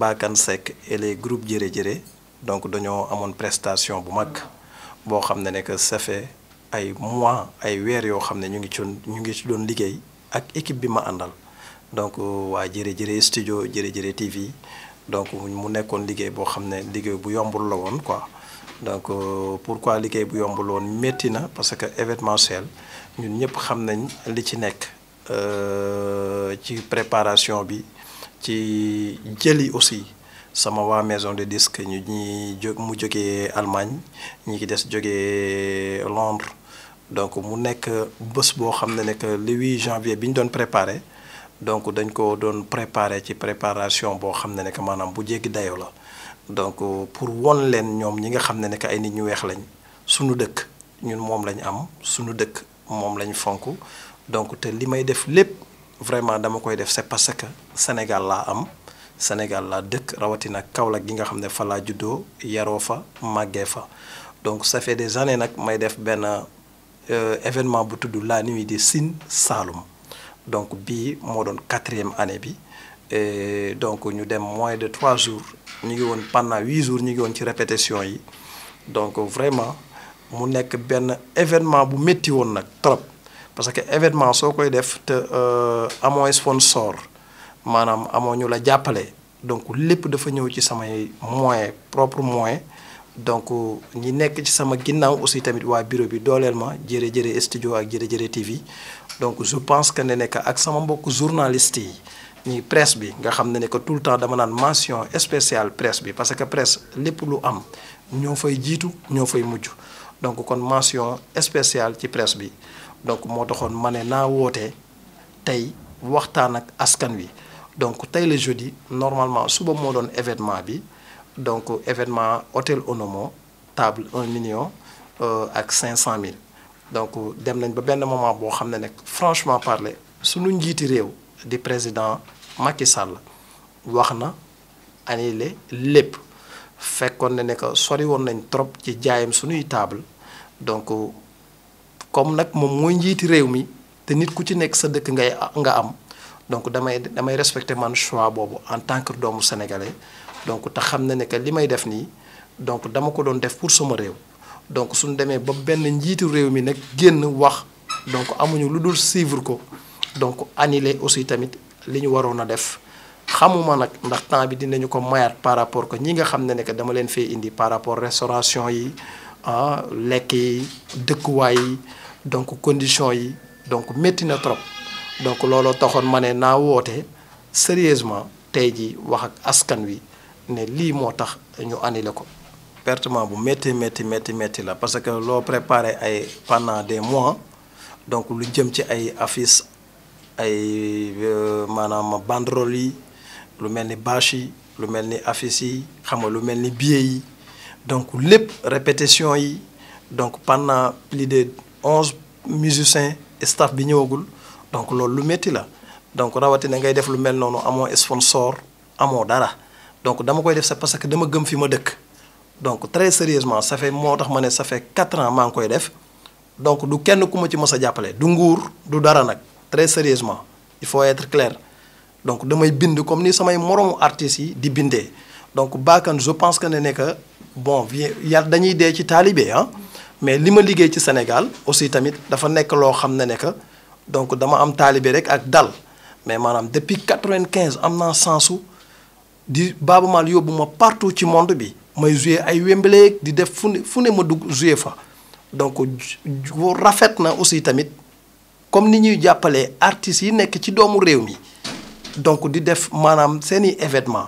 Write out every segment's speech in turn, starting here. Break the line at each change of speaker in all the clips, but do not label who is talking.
Bakane sec et les groupes Jërë Jërë donc dañoo amoon prestation bu mag boo xam ne que ça fait ay mois ay weer yoo xam ne ñu ngi ci ñu ngi ci doon liggéey ak équipe bi ma àndal donc waa Jërë studio Jërë TV donc mu nekkoon liggéey boo xam ne liggéey bu yombul la quoi donc euh, pourquoi liggéey bu yombul woon métti na parce que événementiel ñun ñëpp xam nañ li ci nekk euh, ci préparation bi. ci jëli aussi sama waa maison de disque ñu ñi jóg mu jógee Allemagne ñi ki des jógee Londres donc mu nekk bés boo xam ne nekk le 8 janvier bi ñu doon préparé donc dañ ko doon préparer ci préparation boo xam ne nekk maanaam bu jéggi dayoo la donc pour won leen ñoom ñi nga xam ne nekk ay nit ñu weex lañ suñu dëkk ñun moom lañ am suñu dëkk moom lañ fonk donc te li may def lépp vraiment dama koy def c'est parce que Sénégal l'a am Sénégal l'a dëkk rawatina Kaolack gi nga xam ne fa laa juddoo yaroo fa màggee fa donc ça fait des années nag may def benn euh, événement bu tudd la nuit de Sine Saloum donc bii moo doon quatrième année bi et donc ñu dem moins de trois jours ñu ngi woon pendant huit jours ñu ngi woon ci répétition yi donc vraiment mu nekk benn événement bu métti woon nag trop parce que événement soo koy def te euh, amoo sponsor maanaam amoo ñu la jàppale donc lépp dafa ñëw ci samay moyen propre moyen donc ñi nekk ci sama ginnaaw aussi tamit waa bureau bi dooleel ma Jërë Jërë studio ak Jërë Jërë TV donc je pense que ne nekk ak sama mbokk journaliste yi ñi presse bi nga xam ne ne que tout le temps dama naan mention spéciale presse bi parce que presse lépp lu am ñoo fay jiitu ñoo fay mujj donc kon mention spéciale ci presse bi donc moo taxoon ma ne naa woote tey waxtaan ak askan wi donc tey le jeudi normalement suba moo doon événement bi donc événement hôtel Onomo table 1 million euh, ak 500 000 donc dem nañ ba benn moment boo xam ne nag franchement parler suñu njiiti réew di président Macky Sall wax na annulé lépp fekkoon na ne que sori woon nañ trop ci jaayam suñuy table donc. comme nak mom moy njiti rew mi te nit ku ci nek sa dekk ngay nga am donc damay damay respecter man choix bobu en tant que doomu sénégalais donc ta xamna ne que limay def ni donc dama ko don def pour sama rew donc suñu démé ba ben njiti rew mi nak génn wax donc amuñu luddul suivre ko donc annuler aussi tamit liñu warona def xamuma nak ndax temps bi dinañu ko mayaat par rapport ko ñi nga xamne ne dama leen fay indi par rapport restauration yi ah lekk yi dëkkuwaay donc condition yi donc metti na trop donc lolo taxone mané na woté sérieusement tey ji wax ak askan wi ne li motax ñu annulé ko pertement bu metti metti metti metti la parce que lo préparé ay pendant des mois donc lu jëm ci ay affiches ay euh, maanaam banderole lu melni ni lu melni ni affiches xam nga lu melni billet yi donc les répétition yi donc pendant plus de onze musiciens staff bi ñëwagul donc loolu lu métti la donc rawatina ngay def lu mel noonu amoo sponsor amoo dara donc dama koy def c'est parce que dama gëm fi ma donc très sérieusement ça fait moo tax ça fait quatre ans maa ngi koy def donc du kenn ku ma ci mës jappalé du nguur du dara nak très sérieusement il faut être clair donc damay bind comme ni samay morom artiste yi di bindé donc bakan je pense que ne ne bon a dañuy dee ci talibé hein ah. mais li ma du ci Sénégal aussi tamit dafa nekk loo xam ne ne que donc dama am talibé rek ak dal mais madame depuis 95 am sans sou di Baaba Maal yóbbu ma partout ci monde bi may jouer ay Wembley di def fune ma dugg jouer fa donc rafet na aussi tamit comme ni ñuy artiste artistes yi nek ci doomu réew mi donc di def manam seeni événement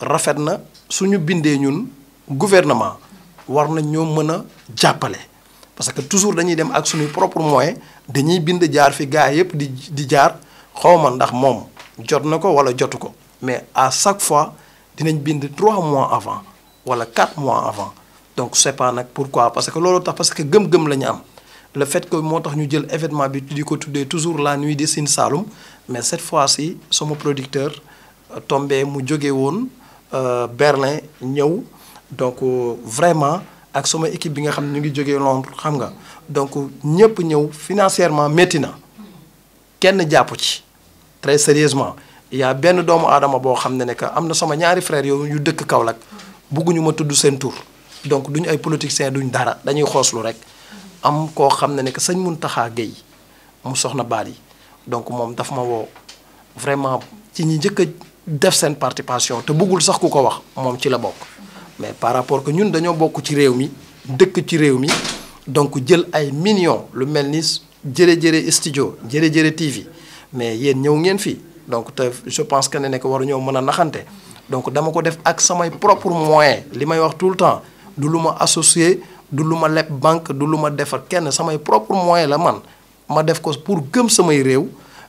rafet na suñu bindé ñun gouvernement war na ñoo mën a jàppale parce que toujours dañuy dem ak suñu propre moyen dañuy bind jaar fi gars yëpp di di jaar xawma ndax moom jot na ko wala jotu ko mais à chaque fois dinañ bind trois mois avant wala quatre mois avant donc c'est pas nag pourquoi parce que loolu tax parce que gëm-gëm la ñu am le fait que moo tax ñu jël événement bi di ko tuddee toujours la nuit de ciné Saloum mais cette fois-ci sama producteur euh, tombé mu jóge woon euh, Berlin ñëw donc euh, vraiment ak suma équipe bi nga xam ne ñu ngi jógee Londres xam nga donc ñëpp ñëw financièrement métti na kenn jàpp ci très sérieusement yaa benn doomu aadama boo xam ne ne que am na sama ñaari frères yu dëkk Kaolack bugguñu ma tudd seen tour donc duñu ay politiciens duñ dara dañuy xooslu rek am koo xam ne ne que sëñ taxa Guèye mu soxna baal yi donc moom daf ma wow vraiment ci ñi njëkk a def seen participation te buggul sax ku ko wax moom ci la bokk. mais par rapport que ñun dañoo bokk ci réew mi dëkk ci réew mi donc jël ay millions lu mel ni studio le TV mais yéen ñëw ngeen donc je pense que nous nekk war ñoo mën a donc dama ko def ak samay propre moyen li wax tout le temps du associé du lu ma banque du la man ma def ko pour gëm samay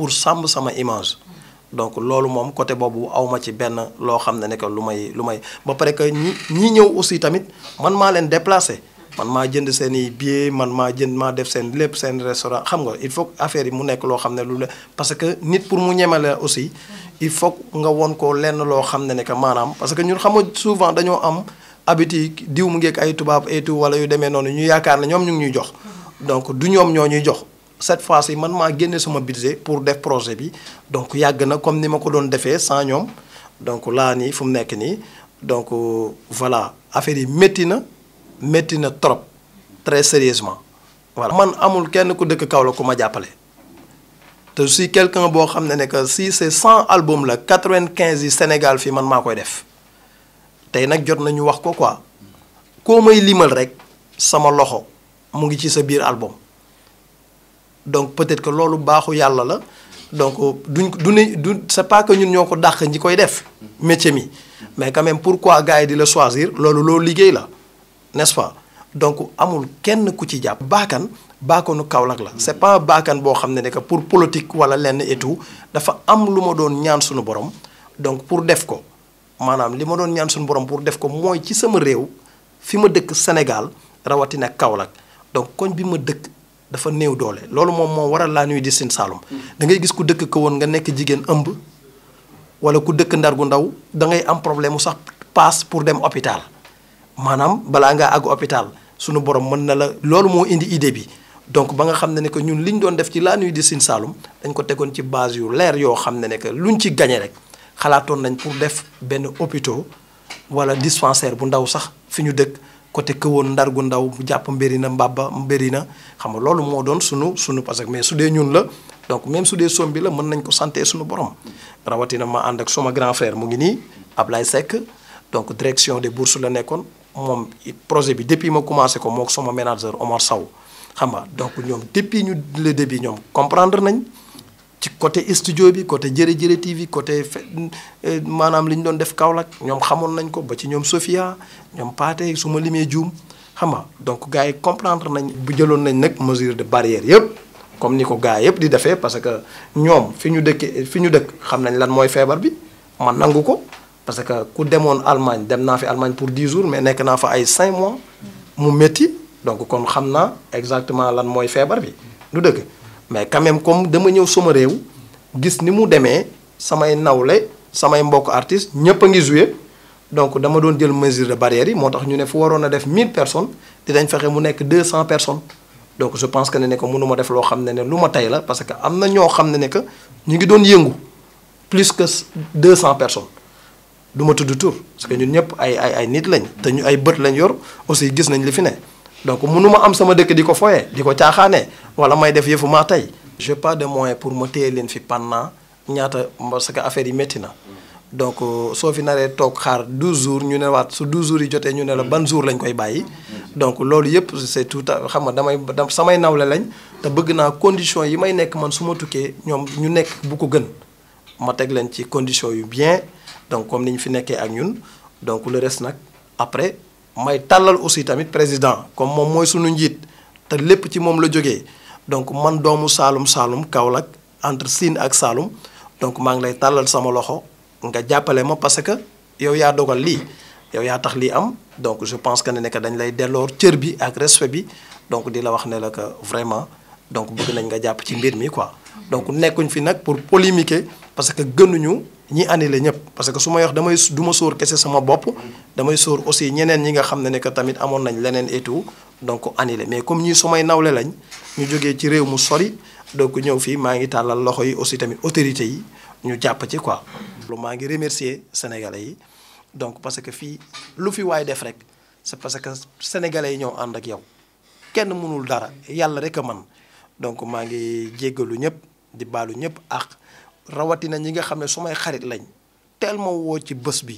pour sàmm sama image donc loolu moom côté boobu awma ci benn loo xam ne ne que lu may lu may ba pare que ñi ñi ñëw aussi tamit man maa leen déplacé man maa jënd seen i billets man maa jënd maa def seen lépp seen restaurant xam nga il faut affaire yi mu nekk loo xam ne lu la parce que nit pour mu ñeme la aussi il faut nga won ko lenn loo xam ne ne que maanaam parce que ñun xam nga souvent dañoo am habitude diw mu ngeeg ay tubaab et tout wala yu demee noonu ñu yaakaar ne ñoom ñu ngi ñuy jox donc cette fois ci man ma génne sama budget pour def projet bi donc yag na comme ni ma ko doon defee sans ñom donc là, ni fu nek ni donc euh, voilà affaire yi métti na métti na trop très sérieusement voilà man amul kenn ku dëkk Kaolack ku ma jàppale te si quelqu'un bo xamné ne que si c'est cent albums la quatre-vingt-quinze yi Sénégal fi man maa koy def tay nak jot nañu wax ko quoi ko may limal rek sama loxo mu ngi ci sa biir album donc peut-être que lolu baxu yalla la donc duñ du ne du c'est pas que ñun ñoko ko ñi koy def métier mi mais quand même pourquoi gars yi di le choisir lolu loolu liggéey la n'est-ce pas donc amul kenn ku ci jàpp. baakan baakanu kaolak la. c'est pas bakan bo xam que pour politique wala lenn et tout dafa am lu ma doon ñaan suñu borom donc pour def ko manam li ma doon ñaan suñu borom pour def ko moy ci sama réew fi ma dëkk Sénégal rawatina kaolak donc koñ bi ma dëkk. dafa néew doole loolu moom moo waral la nuy di sin salum da ngay gis ku dëkk ko woon nga nekk jigéen ëmb wala ku dëkk ndar gu ndaw da ngay am problème sax paas pour dem hôpital maanaam balaa nga àgg hôpital sunu borom mën na la loolu moo indi idée bi donc ba nga xam ne ne que ñun liñ doon def ci la nuy di sin salum dañ ko tegoon ci base yu leer yoo xam ne ne que luñ ci gagné rek xalaatoon nañ pour def benn hôpital wala dispensaire bu ndaw sax fi ñu côté këwoon ndar gu ndaw jàpp mbéri na mbabba mbéri na xam nga loolu moo doon sunu sunu parce que mais su dee ñun la donc même su dee som bi la mën nañ ko santé sunu borom rawatina ma ànd ak suma grand frère mu ngi nii ab lay Seck donc direction des bourses la nekkoon moom projet bi depuis ma commencé ko mook suma manager Omar saw xam nga donc ñoom depuis ñu le début ñoom comprendre nañ ci côté studio bi côté jëre jërëjërë TV côté euh, maanaam li ñu doon def Kaolack ñoom xamoon nañ ko ba ci ñoom Sofia ñoom Pathé su ma limee juum xam nga donc gars yi comprendre nañ. bu jëloon nañ nag mesure de barrière yëpp comme ni ko gars yëpp di defee parce que ñoom fi ñu dëkkee fi ñu dëkk xam nañ lan mooy feebar bi man nangu ko. parce que ku demoon Allemagne dem naa fi Allemagne pour 10 jours mais nekk naa fa ay 5 mois mu métti donc kon xam naa exactement lan mooy feebar bi du dëgg. mais quand même comme dama ñëw sama rew gis ni mu demee samay nawle samay mbokk artiste ñëpp a ngi joué donc dama doon jël mesure de barrière yi moo ñu né fu warona def 1000 personnes dinañ fexé mu nekk 200 personnes donc je pense que ne ne que mënu ma def lo xamné né luma tay la parce que amna ño xamné né que ñu ngi doon yëngu plus que 200 personnes duma tuddu tour parce que ñun ñëpp ay ay ay nit lañ te ñu ay bët lañ yor aussi gis nañ li fi né donc mënu ma am sama dëkk diko foyé diko tiaxané wala may def yëfu maa tey j'ai pas de moyen pour ma téye leen fi pendant ñaata parce que affaire yi métti na donc euh, so fi naree tok xaar 12 jours ñu ne waat su 12 jours yi joté ñu ne la ban jour lañ koy bayyi donc lolu yëpp c'est tout xam nga damay samay nawle lañ te bëgg na condition yi may nekk man su ma tukkee ñoom ñu nekk bu ko gën ma teg leen ci condition yu bien donc comme niñ fi nekké ak ñun donc le reste nak après may talal aussi tamit président comme mom moy suñu njit te lépp ci mom la joggé donc man doomu Saalum Saalum Kaolack entre Sine ak Saalum donc maa ngi lay tàllal sama loxo nga jàppale ma parce que yow yaa dogal lii yow yaa tax lii am donc je pense que ne nekk dañ lay delloor cër bi ak respect bi donc di la wax ne la que vraiment donc bëgg nañ nga japp ci mbir mi quoi donc nekkuñ fi nak pour polémiquer parce que gënuñu ñi annulé ñëpp parce que suma yox damay duma sóor kese sama bop damay sóor aussi ñeneen ñi nga xamné ne que tamit amon nañ leneen et tout donc annulé mais comme ñi sumay nawlé lañ ñu joggé ci réew mu sori donc ñëw fi ma ngi talal loxo yi aussi tamit autorité yi ñu japp ci quoi lu ma ngi remercier sénégalais yi donc parce que fi lu fi way def rek c'est parce que sénégalais ñoo and ak yow kenn mënul dara yalla rek man donc maa ngi jéggalu ñëpp di baalu ñëpp ak rawatina ñi nga xam ne sumay xarit lañ tellement woo ci bi